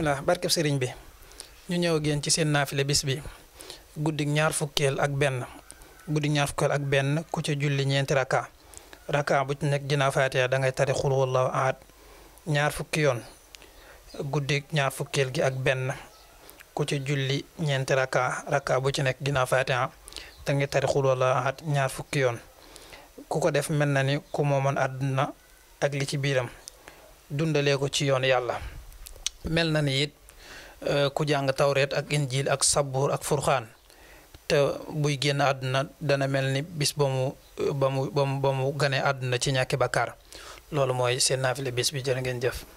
wala barke sëriñ bi ñu ñew ak yéen ci seen nafilé bis bi guddi ñaar fukkel ak ben guddi ñaar fukkel ak ben ku ci julli ñent raka raka bu ci nek dina faatiha da ngay tari khul wallahu ahad ñaar fukk yoon guddi ñaar fukkel gi ak ben ku ci julli ñent raka raka bu ci nek dina faatiha da ngay tari khul wallahu ahad ñaar fukk yoon ku ko def melna na ni ku dun aduna ak li ci biram dundale ko ci yoon yalla mel na ni it euh, ku jàng tawreet ak injiil ak sabuur ak furxaan te buy génn àdduna dana mel ni bis ba mu ba mu ba mu ba mu ganee àdduna ci ñàkki bakkaar loolu mooy seen naafile bis bi jër ngeen jëf